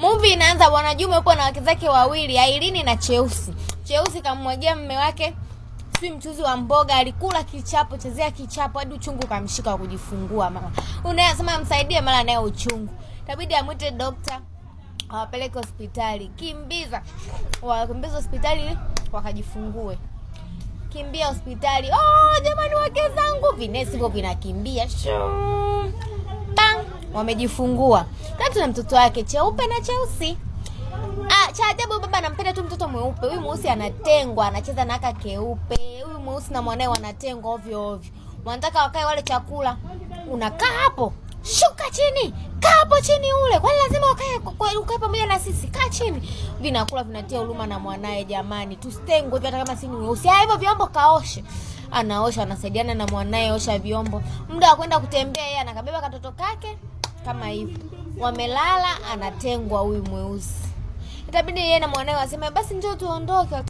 Movie inaanza, Bwana Juma yupo na wake zake wawili, Ailini na Cheusi. Cheusi kamwagia mume wake si mchuzi wa mboga, alikula kichapo, chezea kichapo hadi uchungu kamshika kujifungua. Mama unayasema msaidie, mara naye uchungu, tabidi amwite dokta awapeleke hospitali. Kimbiza wakimbiza hospitali wakajifungue kimbia hospitali. Oh, jamani, wake zangu, vinesi hivyo vinakimbia shuu wamejifungua, na tuna mtoto wake cheupe na cheusi. Ah, cha ajabu baba anampenda tu mtoto mweupe. Huyu mweusi anatengwa, anacheza na aka keupe. Huyu mweusi na mwanae wanatengwa ovyo ovyo. Wanataka wakae wale chakula. Unakaa hapo. Shuka chini. Kaa hapo chini ule. Kwani lazima ukae ukae pamoja na sisi. Kaa chini. Vinakula vinatia huruma na mwanae jamani. tustengwe hivyo hata kama si mweusi. Ah, hivyo vyombo kaoshe. Anaosha, anasaidiana na mwanae osha vyombo. Muda wa kwenda kutembea yeye anakabeba katoto kake kama hivyo wamelala, anatengwa huyu mweusi, itabidi yeye na mwanae waseme basi njoo tuondoke.